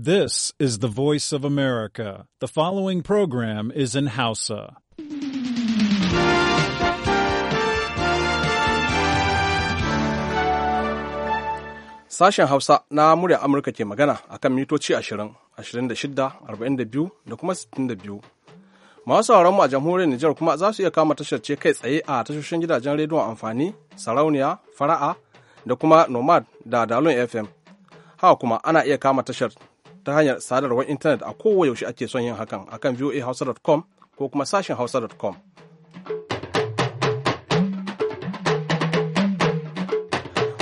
This is the voice of America. The following program is in Hausa. Sashen Hausa na murya Amurka ke magana a kan mitoci 20, 26, 42 da kuma 62. Masu mu a jamhuriyar Nijar kuma za su iya kama tashar ce kai tsaye a tashoshin gidajen rediyon amfani, sarauniya, fara'a da kuma nomad da dalon FM. Haka kuma ana iya kama tashar ta hanyar sadarwar intanet a kowayaushe ake son yin hakan akan voahausa.com ko kuma sashen hausa.com.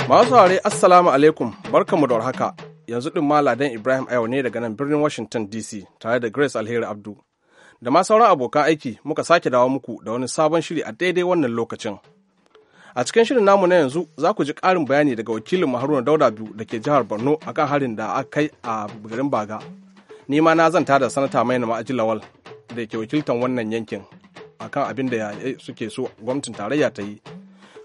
Masu saurare Assalamu alaikum barkanmu da haka yanzu ɗin Ladan Ibrahim ayaw ne daga nan birnin Washington DC tare da Grace Alheri Abdu. Da ma sauran abokan aiki muka sake dawo muku da wani sabon shiri a daidai wannan lokacin. a cikin shirin namu na yanzu za ku ji ƙarin bayani daga wakilin haruna dauda biyu da ke jihar borno kan harin da aka kai a garin baga ni ma na zanta da sanata mai nama lawal da ke wakiltan wannan yankin kan abin da suke so gwamnatin tarayya ta yi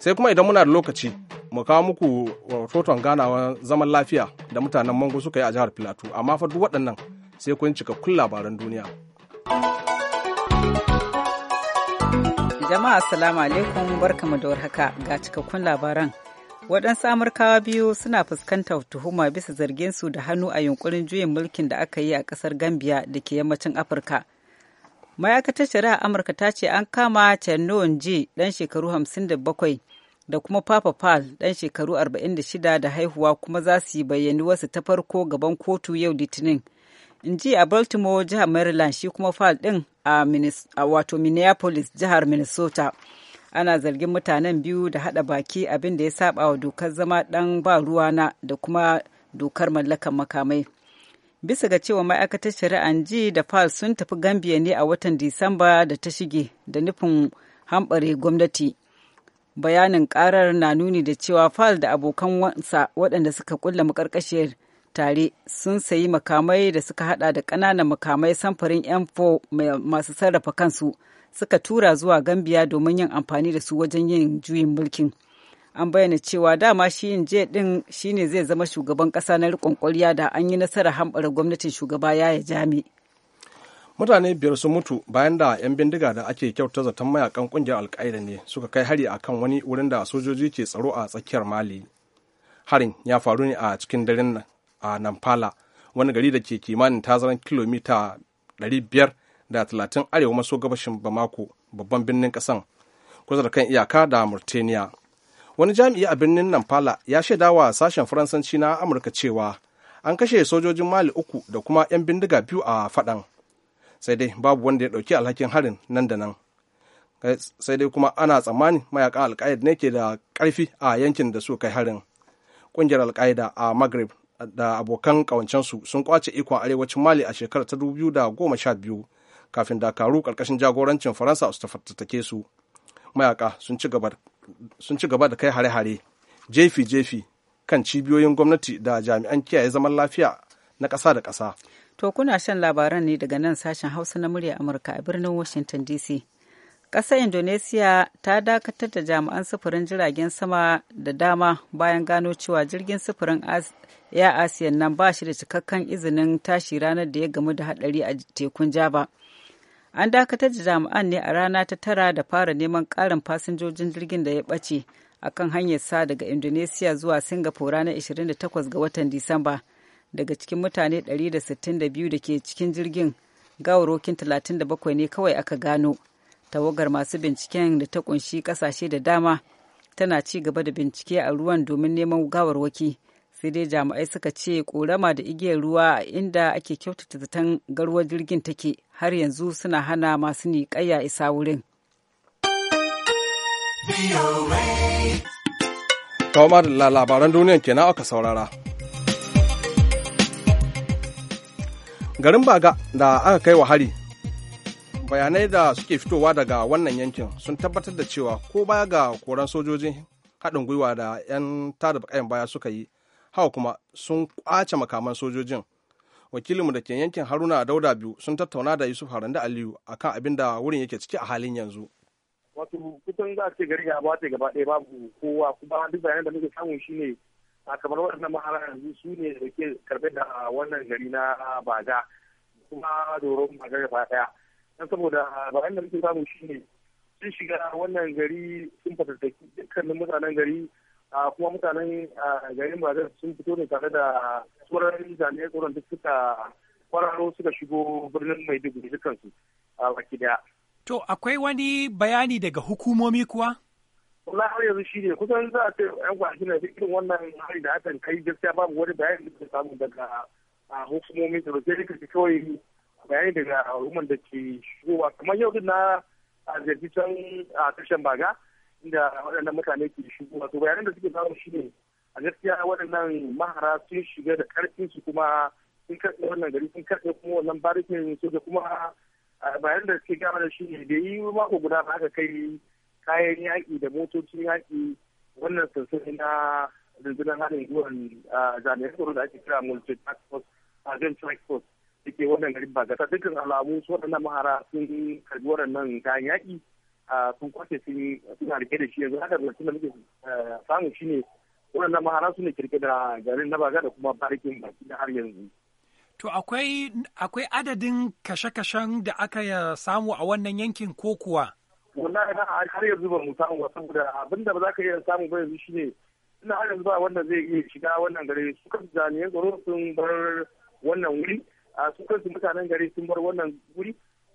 sai kuma idan muna da lokaci mu kawo muku rahoton ganawar zaman lafiya da mutanen mango suka yi a jihar filato amma fa duk waɗannan sai kun cika kun labaran duniya. thank you Jama'a assalamu alaikum barkamu da warhaka ga cikakkun labaran. Waɗansu Amurkawa biyu suna fuskantar tuhuma bisa zarginsu da hannu a yunkurin juyin mulkin da aka yi a ƙasar Gambia da ke yammacin Afirka. Ma'aikatar shari'a Amurka ta ce an kama Chernon G ɗan shekaru 57 da kuma Papa Pal ɗan shekaru 46 da haihuwa kuma za su yi bayyani wasu ta farko gaban kotu yau Litinin. in ji a baltimore jihar maryland shi kuma fal din a wato minneapolis jihar minnesota ana zargin mutanen biyu da hada baki abin da ya saba wa dokar zama dan ba ruwa na da kuma dokar mallakar makamai bisa ga cewa ma'aikatar shari'an ji da fal sun tafi gambia ne a watan disamba da ta shige da nufin hambare gwamnati bayanin karar na nuni da cewa fal da abokan wansa waɗanda suka kulla makarkashiyar tare sun sayi makamai da suka hada da kananan makamai samfurin M4 masu sarrafa kansu suka tura zuwa Gambiya domin yin amfani da su wajen yin juyin mulkin. An bayyana cewa dama shi yin je din shine zai zama shugaban ƙasa na rikon kwarya da an yi nasarar hambara gwamnatin shugaba yaya jami. Mutane biyar sun mutu bayan da 'yan bindiga da ake kyauta zaton mayakan kungiyar alkaida ne suka kai hari a kan wani wurin da sojoji ke tsaro a tsakiyar Mali. Harin ya faru ne a cikin daren nan a Nampala wani gari da ke kimanin tazaran kilomita 530 arewa maso gabashin Bamako babban birnin ƙasan, kusa da kan iyaka da Mauritania. Wani jami'i a birnin Nampala ya shaida wa sashen Faransanci na Amurka cewa an kashe sojojin Mali uku da kuma 'yan bindiga biyu a faɗan. Sai dai babu wanda ya ɗauki alhakin harin nan da nan. Sai dai kuma ana tsammani mayaka alka'ida ne ke da ƙarfi a yankin da su kai harin. Ƙungiyar alka'ida a Maghreb da abokan ƙawancensu sun kwace ikon arewacin mali a shekarar ta da goma sha biyu kafin dakaru ƙarƙashin jagorancin faransa su tafartattake su mayaka sun ci gaba da kai hare-hare jefi-jefi kan cibiyoyin gwamnati da jami'an kiyaye zaman lafiya na ƙasa da ƙasa to kuna shan labaran ne daga nan sashen hausa na murya amurka a birnin washington dc ƙasar indonesiya ta dakatar da jami'an sufurin jiragen sama da dama bayan gano cewa jirgin sufurin ya asiya nan ba shi da cikakken izinin tashi ranar da ya gamu da hadari a tekun java an dakatar da jami'an ne a rana ta tara da fara neman ƙarin fasinjojin jirgin da ya ɓace a kan hanyar sa daga indonesiya zuwa singapore ranar 28 ga watan disamba daga cikin mutane 162 da ke cikin jirgin gawarokin 37 ne kawai aka gano. tawagar masu binciken da ta kunshi kasashe da dama tana ci gaba da bincike a ruwan domin neman gawarwaki sai dai jami'ai suka ce korama da igiyar ruwa a inda ake kyautata zaton garwa jirgin take har yanzu suna hana masu niƙayya isa wurin Kawamar labaran duniyan kenan aka saurara. Garin Baga da aka kai wa hari bayanai da suke fitowa daga wannan yankin sun tabbatar da cewa ko baya ga koran sojoji haɗin gwiwa da 'yan tada bakayan baya suka yi hawa kuma sun kwace makaman sojojin wakilinmu da ke yankin haruna dauda biyu sun tattauna da yusuf haranda aliyu akan abin da wurin yake ciki a halin yanzu wato kusan za a ce gari ya bace gaba ɗaya babu kowa kuma duk bayanan da muke samu shine a kamar waɗannan mahara yanzu su ne da ke karɓe da wannan gari na baga kuma doron baga gaba ɗaya don saboda bayan da muke samu shi ne sun shiga wannan gari sun fatattaki dukkanin mutanen gari kuma mutanen garin bazar sun fito ne tare da tsoron jami'ai tsoron duk suka kwararo suka shigo birnin maiduguri dukansu a baki daya. to akwai wani bayani daga hukumomi kuwa? Wala har yanzu shi ne kusan za a ce yan kwanaki na irin wannan hari da hakan kai gaskiya babu wani bayani da samu daga hukumomi da sai kawai bayani daga al'ummar da ke shigowa kamar yau din na ziyarci can a tashan baga inda waɗannan mutane ke shigowa to bayanan da suke samu shi ne a gaskiya waɗannan mahara sun shiga da ƙarfin su kuma sun karɓe wannan gari sun karɓe kuma wannan barikin soja kuma bayanan da suke gama da shi ne da yi mako guda ba aka kai kayan yaƙi da motocin yaƙi wannan sansani na rundunar haɗin gwiwar jami'an tsaro da ake kira multi task force a zan task force suke wannan garin ba gasa dukkan alamu su waɗannan mahara sun karbi waɗannan kayan yaƙi sun kwace sun suna rike da shi yanzu haka da da muke samu shine waɗannan mahara su ne kirke da garin na baga da kuma barikin baki da har yanzu. To akwai adadin kashe-kashen da aka samu a wannan yankin ko kuwa? Wallahi har yanzu ba mu samu ba saboda abinda ba za ka iya samu ba yanzu shi ne ina har yanzu ba wanda zai iya shiga wannan gare su kan jami'an tsaro sun bar wannan wuri a su kansu mutanen gari sun bar wannan guri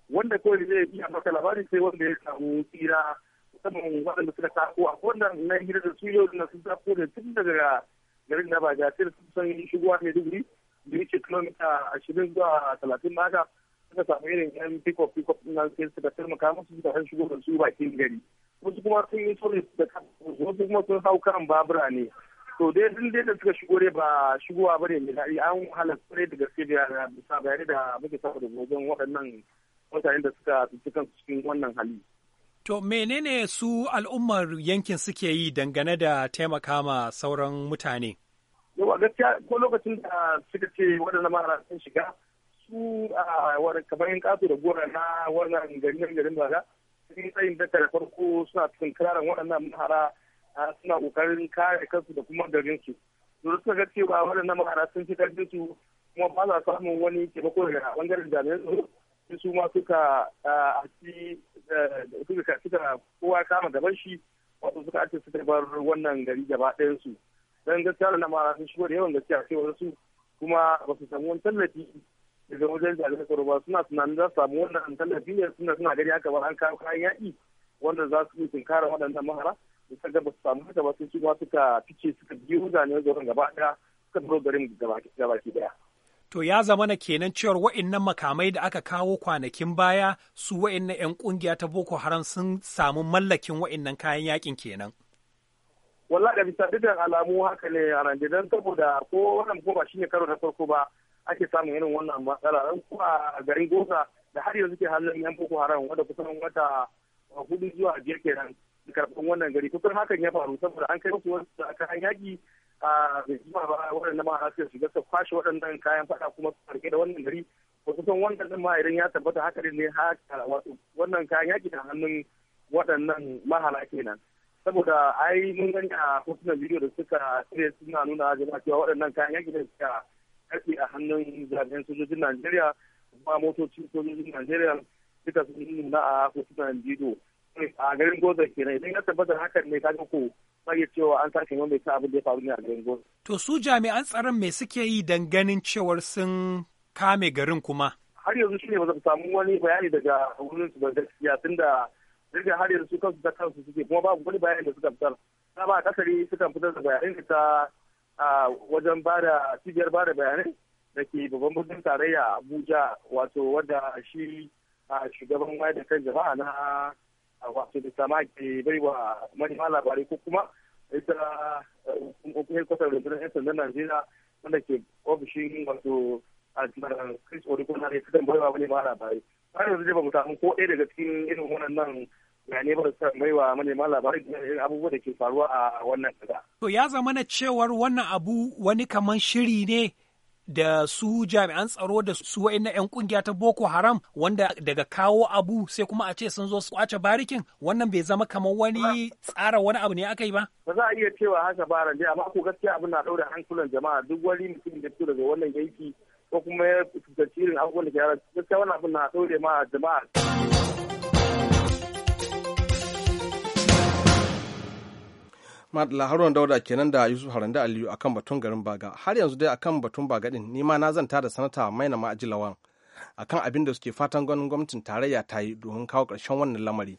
wanda kawai zai iya maka labarin sai wanda ya samu tsira musamman waɗanda suka tako a wannan na hira da su yau na sun tako da tun daga garin na bajatir sun san shigowa ne duguri da yake kilomita ashirin zuwa talatin na suka samu irin yan pick-up pick-up na sai suka taimaka musu suka san shigo da su bakin gari wasu kuma sun yi sole da wasu kuma sun hau kan babura ne to dai sun dai da suka shigo dai ba shigowa ba ne mai daɗi an halatta ne da gaske da bisa bayani da muke saboda da wajen waɗannan mutanen da suka tsinci kansu cikin wannan hali. To menene su al'ummar yankin suke yi dangane da taimaka ma sauran mutane? Yawa gaskiya ko lokacin da suka ce waɗannan mara sun shiga su a kamar yin ƙato da gora na wannan garin garin ba sun tsayin daga da farko suna cikin kiraran waɗannan mahara suna ƙoƙarin kare kansu da kuma garinsu. to suka ga cewa waɗannan mahara sun fi ƙarfinsu kuma ba za su samu wani taimako daga bangaren jami'an tsaro. Su ma suka ci eh, suka suka kowa kama gaban shi wato suka ake suka bar wannan gari gaba su Dan gaskiya da mahara sun shigo da yawan gaskiya sai su kuma ba su samu wani tallafi daga wajen jami'an tsaro ba suna tunanin za su samu wannan tallafi ne suna suna gari haka ba an kawo kayan yaƙi wanda za su yi tunkara waɗannan mahara. ta gaba ba su samu gaba ba shiga suka fice suka biyu mutane gaba daya suka baro garin gaba ki daya to ya zama na kenan cewar wa'innan makamai da aka kawo kwanakin baya su wa'innan 'yan kungiya ta boko haram sun samu mallakin wa'innan kayan yakin kenan wallah da bisa dukkan alamu haka ne a don saboda ko wannan ko ba shine karo na farko ba ake samun irin wannan matsala dan ko a garin gosa da har yanzu ke hannun yan boko haram wanda kusan wata hudu zuwa biyar kenan karɓan wannan gari kusan hakan ya faru saboda an kai musu wasu kan yaƙi a zuwa ba waɗanda ma suka shiga su kwashe waɗannan kayan fada kuma su karɓe da wannan gari wasu sun wannan ɗin ma idan ya tabbata haka ne haka wato wannan kayan yaƙi da hannun waɗannan mahala kenan saboda ai mun gani a hotunan bidiyo da suka tsire suna nuna jama'a cewa waɗannan kayan yaƙi da suka karɓe a hannun jami'an sojojin Najeriya kuma motocin sojojin Najeriya suka sun nuna a hotunan bidiyo a garin goza kenan idan ya tabbata hakan ne ka ko ya cewa an sake wanda ya abin da ya faru ne a garin goza to su jami'an tsaron me suke yi dan ganin cewar sun kame garin kuma har yanzu shine ba samu wani bayani daga wurin su ba gaskiya da daga har yanzu kansu da kansu suke kuma babu wani bayani da suka fitar na ba kasari sukan fitar da da ta wajen bada cibiyar da bayanai da ke babban birnin tarayya abuja wato wanda shi shugaban wayar da kan jama'a na wato da sama ke bai wa manema labarai ko kuma ita hukumar uh, kwatar rundunar 'yan sandan najeriya wanda ke ofishin wato a uh, jimarar chris na eh, uh, ne sukan bai wa manema labarai ba yanzu ba mu samu ko ɗaya daga cikin irin wannan gane ba sa mai wa manema labarai da abubuwa da ke faruwa a wannan kasa. to ya zama na cewar wannan abu wani kamar shiri ne da su jami'an tsaro da su wa'in 'yan kungiya ta Boko Haram wanda daga kawo abu sai kuma a ce sun zo su kwace barikin wannan bai zama kamar wani tsara wani abu ne aka yi ba? Ba za a iya cewa haka ba ran amma ko gaskiya abin na daure hankulan jama'a duk wani mutum da daga wannan yanki ko kuma ya fuskanci irin abubuwan da ke gaskiya wannan abin na daure ma jama'a. madala haruwan dauda kenan da yusuf haranda aliyu akan batun garin baga har yanzu dai akan batun baga din nima na zanta da sanata maina ma'ajilawan akan abin da suke fatan ganin gwamnatin tarayya ta yi domin kawo ƙarshen wannan lamari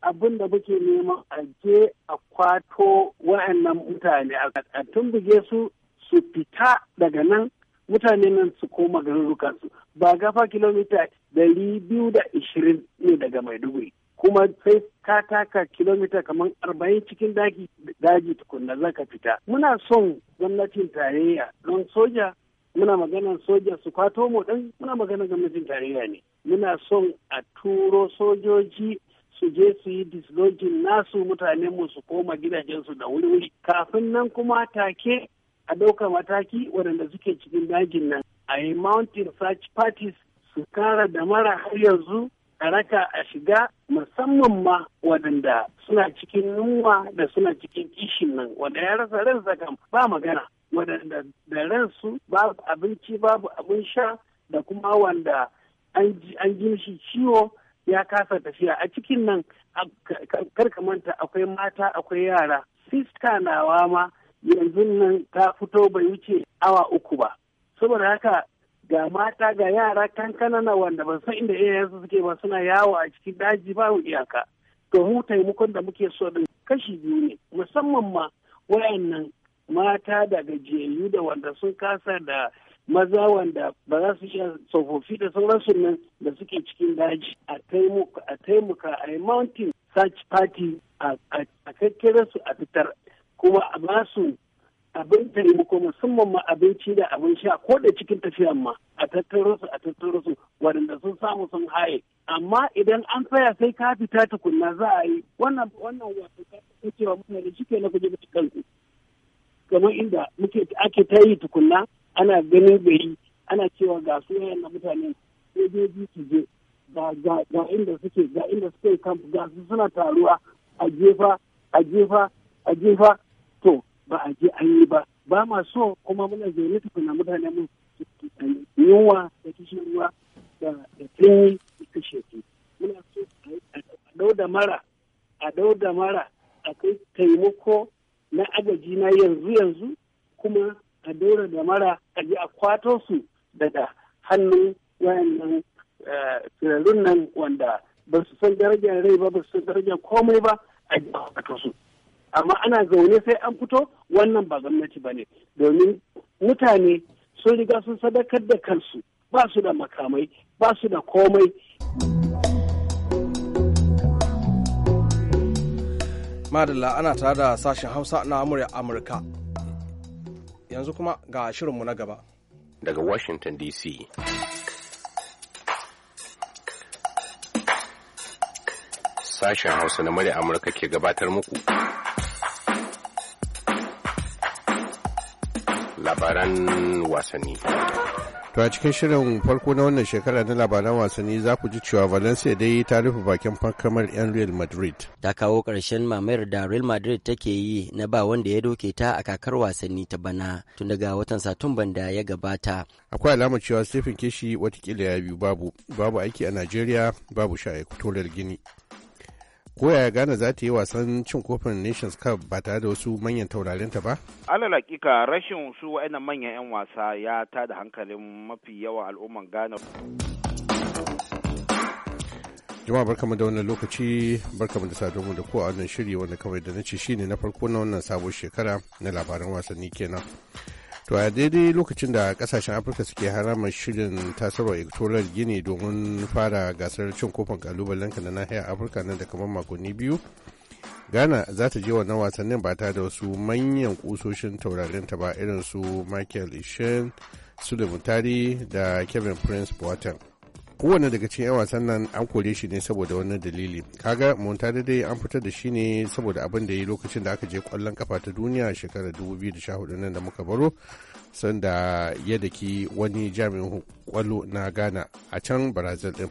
abin da muke nema a je a kwato wa'annan mutane a tumbuge su su fita daga nan mutane nan su koma garurrukansu ba gafa kilomita ɗari biyu da ishirin ne daga maiduguri kuma sai ka taka kilomita kamar arba'in cikin daji daji tukunna za ka fita muna son gwamnatin tarayya don soja muna maganar soja su kwato mu ɗin muna maganar gwamnatin tarayya ne muna son a turo sojoji su je su yi dislogin nasu mutanen mu su koma gidajensu da wuri-wuri kafin nan kuma take a ɗauka mataki waɗanda suke cikin dajin nan a yi mountain search parties su kara da mara har yanzu raka a shiga musamman ma waɗanda suna cikin yunwa da suna cikin kishin nan wanda ya rasa ransa kam ba magana waɗanda da ransu babu abinci babu abin sha da kuma wanda an ji shi ciwo ya kasa tafiya a cikin nan manta akwai mata akwai yara siska nawa ma yanzu nan ta fito bai wuce awa uku ba saboda haka ga mata ga yara kankana na wanda ba san inda iyayensu suke ba suna yawo a cikin daji ba iyaka to mu taimakon da muke so din kashi biyu ne musamman ma wayannan mata da gajiyayyu da wanda sun kasa da maza wanda ba za su iya tsofaffi da sauransu nan da suke cikin daji a taimaka a yi mountain search party a kakkira su a fitar kuma a basu. abin taimako musamman ma abinci da abin sha ko da cikin tafiyan ma a tattaro su a tattaro su waɗanda sun samu sun haye amma idan an tsaya sai ka fita tukunna za a yi wannan wannan wato ka cewa mutane shi ke na kuje mutu kanku kamar inda muke ake ta yi tukunna ana ganin gari ana cewa ga su na mutane sojoji su je ga inda suke ga inda suke kamfu ga su suna taruwa a jefa a jefa a jefa to ba a je an yi ba ba ma so kuma muna zaune na mutane mun yunwa da kishin ruwa da da tsayi da kashe su muna so a dau da mara a dau da mara kai taimako na agaji na yanzu yanzu kuma a daura da mara a je a kwato su daga hannun wayannan eh, firarun nan wanda ba su san darajar rai ba ba su san darajar komai ba a je a kwato su amma ana zaune sai an fito wannan ba gwamnati ba ne domin mutane sun riga sun sadakar da kansu ba su da makamai ba su da komai madalla ana tare da sashen hausa na amurka yanzu kuma ga shirinmu na gaba daga washington dc sashen hausa na murya amurka ke gabatar muku labaran wasanni. To a cikin shirin farko na wannan shekara na labaran wasanni za ku ji cewa Valencia dai ta rufe bakin fankamar 'yan Real Madrid. Ta kawo karshen mamayar da Real Madrid take yi na ba wanda ya doke ta a kakar wasanni ta bana tun daga watan Satumban da ya gabata. Akwai alamar cewa Stephen Keshi watakila ya biyu babu babu aiki a Najeriya babu sha'ai Gini. ko ya gane za ta yi wasan cin kofin Nations Cup ba tare da wasu manyan taurarin ta ba? Alal hakika rashin su wa'annan manyan 'yan wasa ya ta da hankalin mafi yawa al'umman Ghana. jama'a barkamu da wannan lokaci barkamu da mu da ko a wannan shiri wanda kawai da na ce shine na farko na wannan sabon shekara na labaran wasanni kenan. to a daidai lokacin da kasashen afirka suke haramar shirin tasarwa electoral gini domin fara gasar cin kofin kalubalen na nahiyar afirka nan da kamar makonni biyu ghana za ta je wannan wasannin ba ta da wasu manyan kusoshin taurarin ta ba irin su michael ishin sulaiman da kevin prince boateng kowane daga cikin 'yan wasan nan an kore shi ne saboda wannan dalili kaga da dai an fitar da shi ne saboda abin da ya yi lokacin da aka je kwallon kafa ta duniya shekarar 2014 nan da muka baro sanda ya daki wani jami'in kwallo na ghana a can brazil din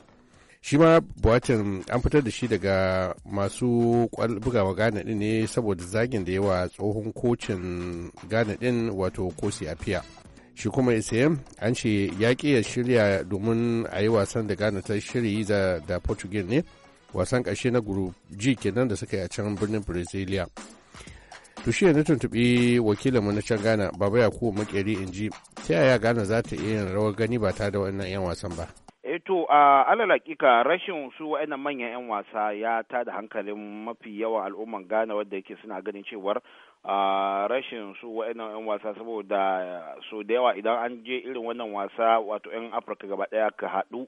shi ma buwatin an fitar da shi daga masu bugawa ghana din ne saboda zagin da yawa tsohon kocin ghana din wato kosi afiya shi kuma ism an ce ya ya shirya domin a yi wasan da ghana ta shirya da, da portugal ne wasan ƙarshe na guru g kenan da suka yi a can birnin brazilia to shi na tuntuɓi wakilinmu na can ghana baba yakubu makeri in ji ta yaya ghana za ta iya yin rawar gani ba ta da wannan 'yan wasan ba Eto eh, a alal hakika rashin su wa'annan manyan 'yan wasa ya tada hankalin mafi yawan al'umman Ghana wadda yake suna ganin cewar rashin su wa'annan 'yan wasa saboda so da yawa idan an je irin wannan wasa wato 'yan Afirka gaba daya ka haɗu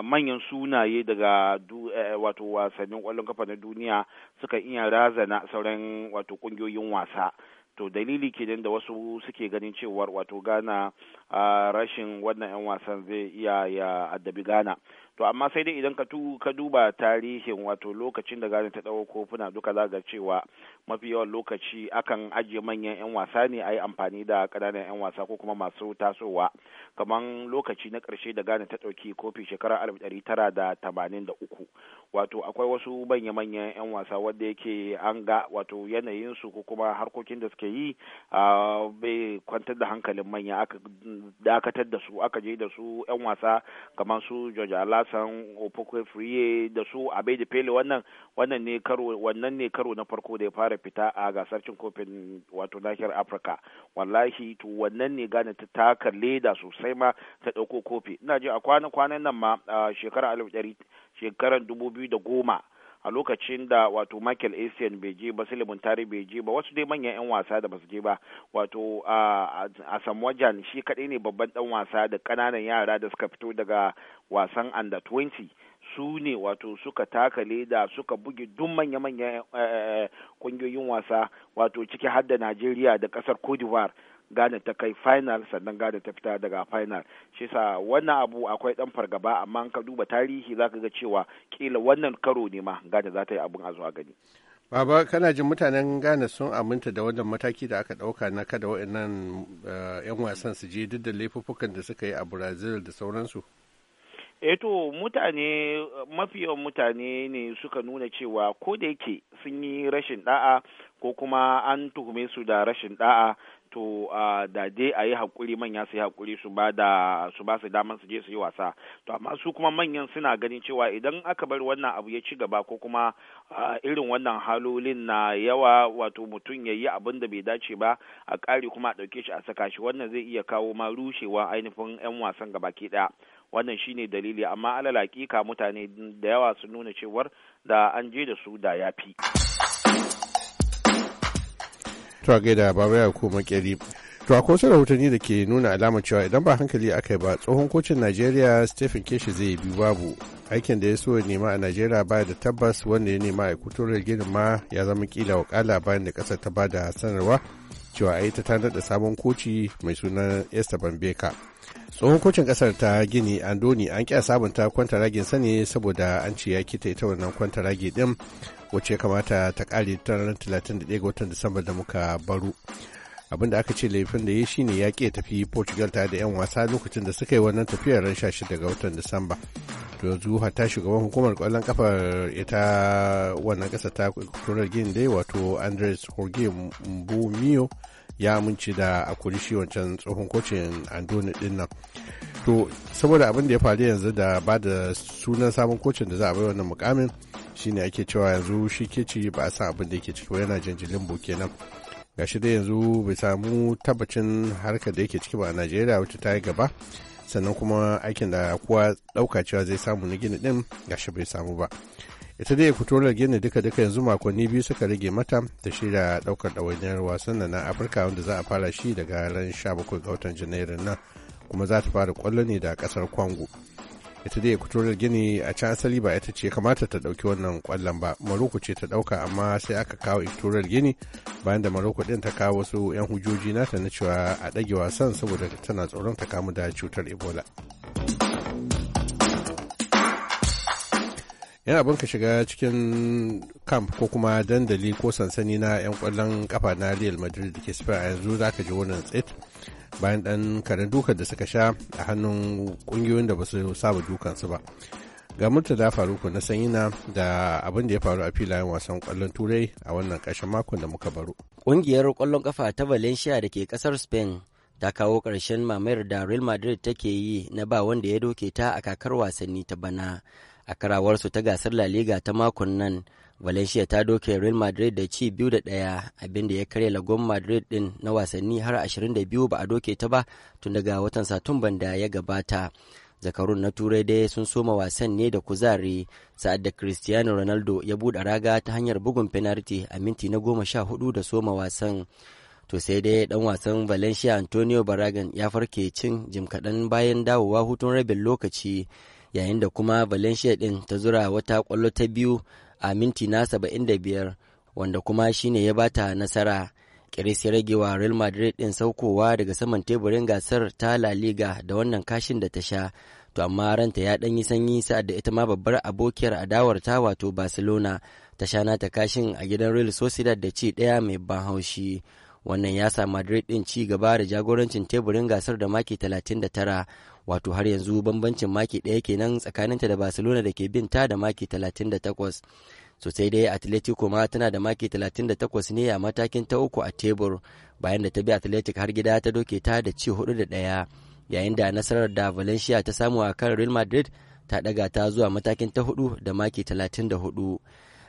manyan sunaye daga eh, eh, wato wasannin ƙwallon kafa na duniya suka iya razana sauran wato ƙungiyoyin wasa. to dalili kenan da wasu suke ganin cewar wato gana a rashin wannan 'yan wasan zai iya ya addabi ghana to amma sai dai idan ka duba tarihin wato lokacin da ghana ta dawo kofuna duka za ga cewa mafi yawan lokaci akan ajiye manyan 'yan wasa ne ayi amfani da ƙananan 'yan wasa ko kuma masu tasowa kamar lokaci na ƙarshe da ghana ta ɗauki kofi shekarar 1983 wato akwai wasu manya-manyan 'yan wasa wadda yake an ga wato su ko kuma harkokin da suke yi a bai kwantar da hankalin manya aka dakatar da su aka je da su 'yan wasa kamar su george alasan opoke friye da su abai pele wannan wannan ne karo wannan ne karo na farko da ya fara fita a gasar cin kofin wato nahiyar Africa wallahi to wannan ne gane ta taka leda sosai ma ta dauko kofi ina ji a kwanan nan ma shekara alif shekarar da goma a lokacin da wato Michael asian bai je ba silimin Tari bai je ba wasu dai manyan 'yan wasa da basu je ba wato a wajen shi kadai ne babban dan wasa da kananan yara da suka fito daga wasan under 20 su ne wato suka taka leda suka buge duk manya-manyan kungiyoyin eh, eh, eh, wasa wato ciki har da Najeriya da kasar Cote d'Ivoire Ghana ta kai final sannan Ghana ta fita daga final shi sa wannan abu akwai dan fargaba amma ka duba tarihi za ka ga cewa kila wannan karo ne ma Ghana za ta yi abun a zuwa gani Baba kana jin mutanen Ghana sun aminta da wannan mataki da aka dauka na kada waɗannan eh, 'yan wasan su je duk da laifuffukan da suka yi a Brazil da sauransu. eh mutane mafi yawan mutane ne suka nuna cewa ko da yake sun yi rashin da'a ko kuma an tuhume su da rashin da'a to da dai a yi hakuri manya su yi hakuri su ba da su ba su daman su je su yi wasa to amma su kuma manyan suna ganin cewa idan aka bar wannan abu ya ci gaba ko kuma irin wannan halolin na yawa wato mutum ya yi abin da bai dace ba a ƙari kuma a ɗauke shi a saka shi wannan zai iya kawo ma rushewa ainihin 'yan wasan gabaki ɗaya wannan shine dalili amma alal hakika mutane da yawa sun nuna cewar da an je da su da ya fi. Tuwa gaida ko makeri. To akwai wasu rahotanni da ke nuna alamar cewa idan ba hankali aka yi ba tsohon kocin Najeriya Stephen Keshi zai biyu babu aikin da ya so ya nema a Najeriya baya da tabbas wanda ya nema a kuturar ginin ma ya zama kila wakala bayan da kasar ta ba da sanarwa cewa a yi ta tanar da sabon koci mai suna esteban beka tsohon kocin kasar ta gini andoni an kya sabunta kwanta ragin sani saboda an ce ya kita ita wannan kwanta ragi din wacce ya kamata ta kare ta ranar 31 ga watan disamba da muka baro abinda aka ce laifin da ya shi shine ya ke tafi portugal tare da 'yan wasa lokacin da suka yi wannan tafiyar ran 16 ga watan disamba to yanzu hatta shugaban hukumar kwallon kafar ita wannan ƙasa ta kurar gini dai wato andres jorge mbumio ya amince da a kuri shi wancan tsohon kocin andoni din nan to saboda abin da ya faru yanzu da ba da sunan sabon kocin da za a bai wannan mukamin shine ake cewa yanzu shi ke ci ba a san abin da yake ciki ba yana janjilin bo kenan gashi da yanzu bai samu tabbacin harkar da yake ciki ba a najeriya wacce ta yi gaba sannan kuma aikin da kowa ɗauka cewa zai samu na gini ɗin gashi bai samu ba ita dai fitolar gini duka duka yanzu makonni biyu suka rage mata ta shirya ɗaukar ɗawainiyar wasan na afirka wanda za a fara shi daga ran 17 ga watan janairun nan kuma za ta fara kwallo ne da kasar kwango ita dai kuturar gini a can asali ba ita ce kamata ta ɗauki wannan kwallon ba maroko ce ta ɗauka amma sai aka kawo kuturar gini bayan da maroko ɗin ta kawo wasu 'yan hujjoji nata na cewa a dage wasan saboda tana tsoron ta kamu da cutar ebola yana abin ka shiga cikin camp ko kuma dandali ko sansani na 'yan kwallon kafa na real madrid da ke spain a yanzu za ka ji wannan tsit bayan ɗan karin dukar da suka sha a hannun ƙungiyoyin da ba su saba dukansu ba ga murtala faruku na sanyina da abin da ya faru a filayen wasan kwallon turai a wannan ƙarshen makon da muka baro ƙungiyar kwallon kafa ta valencia da ke ƙasar spain ta kawo karshen mamayar da real madrid take yi na ba wanda ya doke ta a kakar wasanni ta bana a karawarsu ta gasar la liga ta makon nan valencia ta doke real madrid da ci biyu da ɗaya abinda ya karya lagon madrid din na wasanni har 22 ba a doke ta ba tun daga watan satumban da ya gabata zakarun na turai dai sun soma wasan ne da kuzari sa'ad da cristiano ronaldo ya buɗe raga ta hanyar bugun penalty a minti na goma sha hudu da soma wasan to sai dai dan wasan valencia antonio baragan ya farke cin jim kaɗan bayan dawowa hutun rabin lokaci yayin da kuma valencia din ta zura wata ƙwallo ta biyu a minti na 75 wanda kuma shine ya bata nasara kiris ya rage wa real madrid din saukowa daga saman teburin gasar ta la liga da wannan kashin da ta sha to amma ranta ya yi sanyi sa'ad da ita ma babbar abokiyar adawar ta wato barcelona ta sha na ta kashin a gidan real sociedad da ci ɗaya mai ban haushi wannan ya sa madrid din ci gaba da jagorancin teburin gasar da maki 39 wato har yanzu bambancin maki ɗaya kenan tsakaninta da barcelona da ke bin ta da maki 38 sosai dai atletico ma tana da maki 38 ne a matakin ta uku a tebur bayan da ta bi atletic har gida ta doke ta da ci hudu da ɗaya yayin da nasarar da valencia ta samu a kan real madrid ta ɗaga ta zuwa matakin ta hudu da maki 34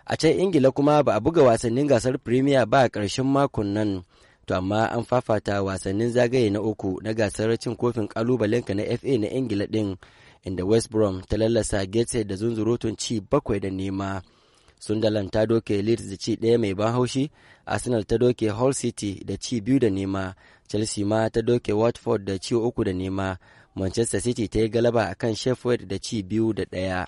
a can ingila kuma ba a buga wasannin gasar premier ba a ƙarshen makon nan to amma an fafata wasannin zagaye na uku na gasar cin kofin kalubalenka na fa na ingila din inda west brom ta lallasa gateshead da zunzurutun ci bakwai da nema sundalan ta doke leeds da ci ɗaya mai ban haushi arsenal ta doke hull city da ci biyu da nema chelsea ma ta doke watford da ci uku da nema manchester city ta yi galaba akan sheffield da ci biyu da ɗaya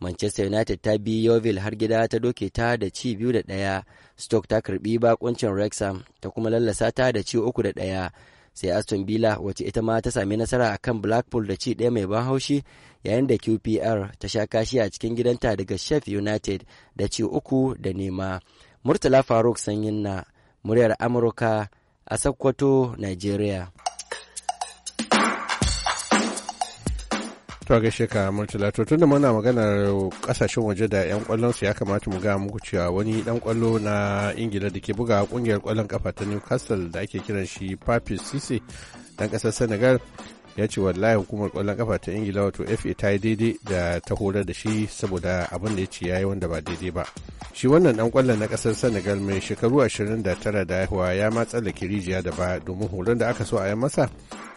manchester united ta bi yeovil har gida ta doke ta da ci biyu da ɗaya stoke ta karbi bakuncin wrexham ta kuma lallasa ta da ci uku da ɗaya sai aston villa wacce ita ma ta sami nasara a kan blackpool da ci ɗaya mai ban haushi yayin da qpr ta sha kashi a cikin gidanta daga chef united da ci uku da nema murtala faruk sanyin na muryar amurka a sokoto nigeria To gaishe ka Murtala to tunda muna maganar kasashen waje da yan kwallon su ya kamata mu ga muku cewa wani dan kwallo na Ingila da ke buga kungiyar kwallon kafa ta Newcastle da ake kiran shi Papi Cisse dan kasar Senegal ya ce wallahi hukumar kwallon kafa ta Ingila wato FA ta yi daidai da ta horar da shi saboda abin da ya ce yi wanda ba daidai ba. Shi wannan dan kwallon na kasar Senegal mai shekaru 29 da haihuwa ya matsa kirijiya da ba domin horon da aka so a yi masa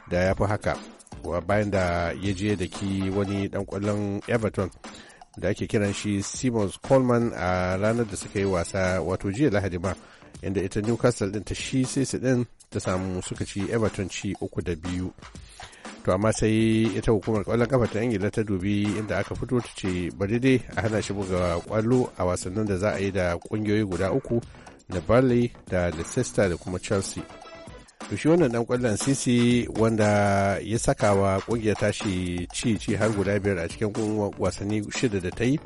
da ya fi haka bayan da ya je da ki wani dan kwallon everton da ake kiran shi simons coleman a ranar da suka yi wasa wato jiya lahadi ma inda ita newcastle din ta shi sai din ta samu suka ci everton ci uku da biyu to amma sai ita hukumar kwallon kafa ta ingila ta dubi inda aka fito ta ce bari dai a hana shi buga kwallo a wasannin da za a yi da kungiyoyi guda uku na Burnley da Leicester da kuma Chelsea to shi wannan dan kwallon sisi wanda ya saka wa kungiyar tashi ci ci har guda biyar a cikin wasanni shida da ta yi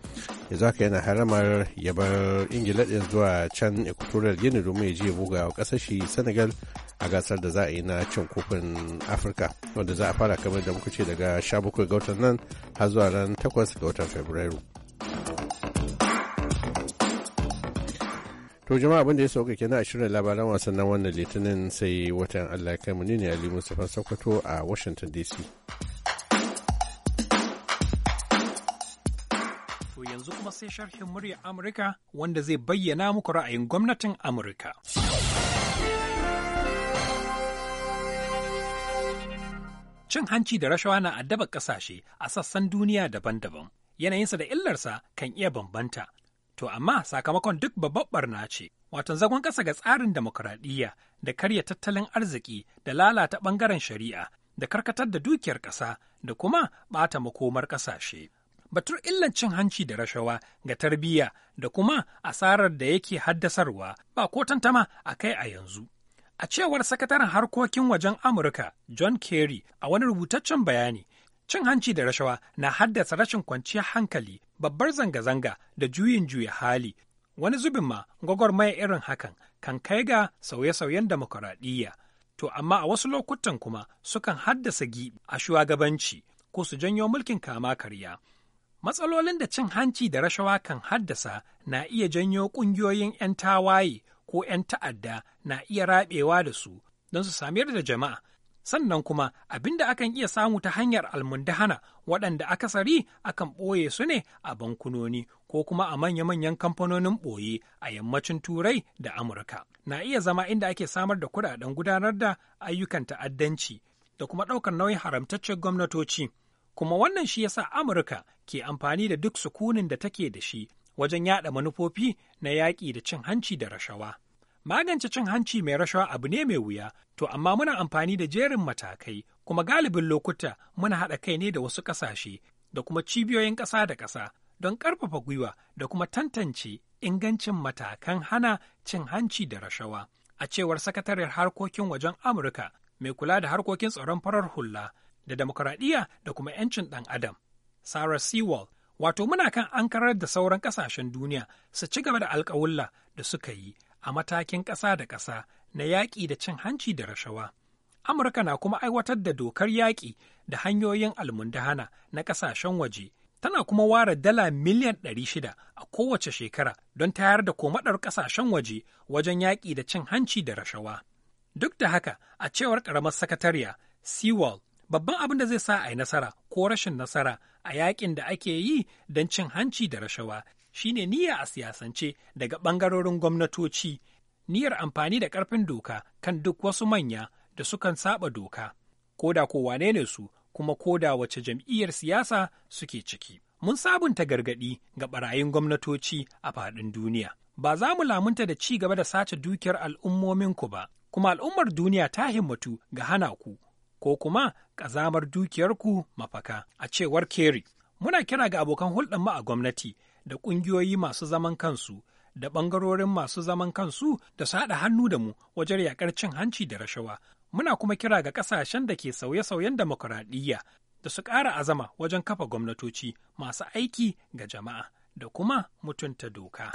ya zaka yana haramar ya bar ingila din zuwa can equatorial guinea domin ya je buga wa kasar shi senegal a gasar da za a yi na cin kofin afirka wanda za a fara kamar da muka ce daga 17 ga watan nan har zuwa ran 8 ga watan fabrairu To jama'a abin da ya sauka kenan a shirin labaran wasannin wannan litinin sai watan Allah kai ne Ali Mustapha Sokoto a Washington DC. To yanzu kuma sai sharhin murya Amurka wanda zai bayyana muku ra'ayin gwamnatin Amurka. Cin hanci da rashawa na addaba ƙasashe a sassan duniya daban-daban. Yanayinsa da illarsa kan iya bambanta To amma sakamakon duk babbar na ce, watan zagon ƙasa ga tsarin demokuraɗiyya da karya tattalin arziki da lalata ɓangaren shari'a da karkatar da dukiyar ƙasa da kuma ɓata makomar ƙasashe. Batur illan cin hanci da rashawa ga tarbiyya da kuma asarar da yake haddasarwa ba ko tantama a kai a yanzu. A cewar sakataren harkokin wajen Amurka John Kerry a wani rubutaccen bayani, cin hanci da rashawa na haddasa rashin kwanciyar hankali babbar zanga-zanga da juyin juya hali wani zubin ma gwagwarmaya irin hakan kan kai ga sauye-sauyen demokuraɗiyya to amma a wasu lokutan kuma sukan haddasa gibi a shugabanci ko su janyo mulkin kama karya matsalolin da cin hanci da rashawa kan haddasa na iya janyo ƙungiyoyin 'yan tawaye ko 'yan ta'adda na iya rabewa da su don su sami da jama'a sannan kuma abin da akan iya samu ta hanyar almundahana waɗanda akasari akan ɓoye su ne a bankunoni ko kuma a manya-manyan kamfanonin ɓoye a yammacin turai da amurka na iya zama inda ake samar da kuɗaɗen gudanar da ayyukan ta'addanci da kuma ɗaukar nauyin haramtaccen gwamnatoci kuma wannan shi yasa amurka ke amfani da duk sukunin da take da shi wajen yaɗa manufofi na yaƙi da cin hanci da rashawa. Magance cin hanci mai rashawa abu ne mai wuya, to amma muna amfani da jerin matakai, kuma galibin lokuta muna haɗa kai ne da wasu ƙasashe da kuma cibiyoyin ƙasa da ƙasa don ƙarfafa gwiwa da kuma tantance ingancin matakan hana cin hanci da rashawa. A cewar sakatariyar harkokin wajen Amurka mai kula da harkokin tsaron farar hula da demokuraɗiyya da kuma 'yancin ɗan adam. Sarah Sewall wato muna kan ankarar da sauran ƙasashen duniya su ci gaba da alƙawulla da suka yi a matakin ƙasa da ƙasa na yaƙi da cin hanci da rashawa. Amurka na kuma aiwatar da dokar yaƙi da hanyoyin almundahana na ƙasashen waje, tana kuma ware dala miliyan 600 a kowace shekara don tayar da komaɗar ƙasashen waje wajen yaƙi da cin hanci da rashawa. Duk da haka, a cewar ƙaramar sakatariya, Seawall, babban abin da zai sa a yi nasara ko rashin nasara a yaƙin da ake yi don cin hanci da rashawa shine niyya a siyasance daga ɓangarorin gwamnatoci, niyyar amfani da ƙarfin doka kan duk wasu manya da sukan saba doka, koda ko wane ne su kuma koda wace jam'iyyar siyasa suke ciki. Mun sabunta gargaɗi ga ɓarayin gwamnatoci a faɗin duniya. Ba za mu lamunta da ci gaba da sace dukiyar al'ummominku ba, kuma al'ummar duniya ta himmatu ga hana ku, ko kuma ƙazamar dukiyarku mafaka, a cewar Kerry. Muna kira ga abokan hulɗanmu a gwamnati da ƙungiyoyi masu zaman kansu da ɓangarorin masu zaman kansu da su haɗa hannu da mu wajen yaƙar cin hanci da rashawa. Muna kuma kira ga ƙasashen da ke sauye-sauyen demokuraɗiyya da su ƙara azama wajen kafa gwamnatoci masu aiki ga jama'a da kuma mutunta doka.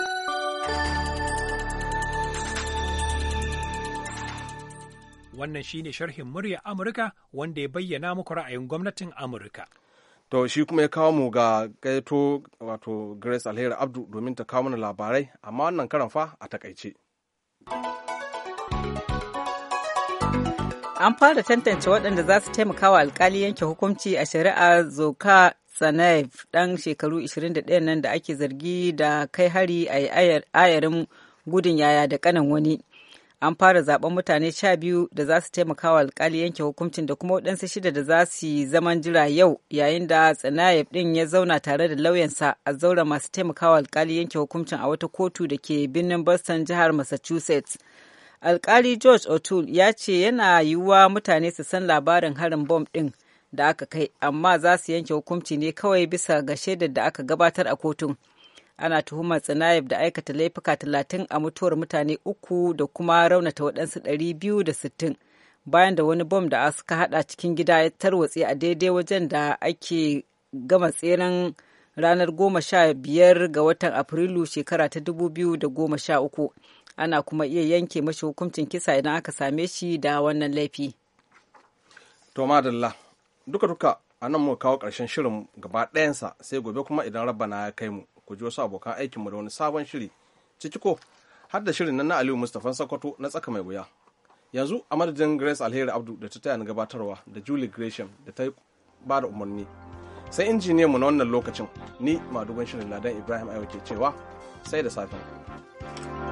Wannan shi ne sharhin murya Amurka wanda ya bayyana muku ra'ayin gwamnatin Amurka. To shi kuma ya kawo mu ga gaito wato Grace Alheri Abdu domin ta kawo mana labarai amma wannan karan fa a takaice. An fara tantance waɗanda za su taimaka wa alkali yanke hukunci a shari'a Zoka Tsanaev ɗan shekaru 21 nan da ake zargi da kai hari a ayarin gudun yaya da kanan wani. an fara zaben mutane sha biyu da za su taimaka wa alkali yanke hukuncin da kuma waɗansu shida da za su yi zaman jira yau yayin da tsanayef ɗin ya zauna tare da lauyansa a zaura masu taimaka wa alkali yanke hukuncin a wata kotu da ke birnin boston jihar massachusetts alkali george Otul ya ce yana yiwuwa mutane su san labarin harin bom ɗin da aka kai amma za su yanke hukunci ne kawai bisa ga shaidar da aka gabatar a kotun. ana tuhumar tsanayef da aikata laifuka talatin a mutuwar mutane uku da kuma raunata waɗansu ɗari biyu da sittin bayan da wani bom da suka haɗa cikin gida ya tarwatse a daidai wajen da ake gama tseren ranar goma sha biyar ga watan afrilu shekara ta dubu biyu da goma sha uku ana kuma iya yanke mashi hukuncin kisa idan aka same shi da wannan laifi. to madalla duka duka a nan mu kawo ƙarshen shirin gaba ɗayansa sai gobe kuma idan rabana ya kai mu ku ji wasu abokan aikinmu da wani sabon shiri ciki ko har da shirin nan na aliyu mustapha sokoto na tsaka mai wuya yanzu a madadin grace alheri abdu da ta taya ni gabatarwa da julie gresham da ta ba da umarni sai injiniya mu na wannan lokacin ni madugan shirin ladan ibrahim ayo ke cewa sai da you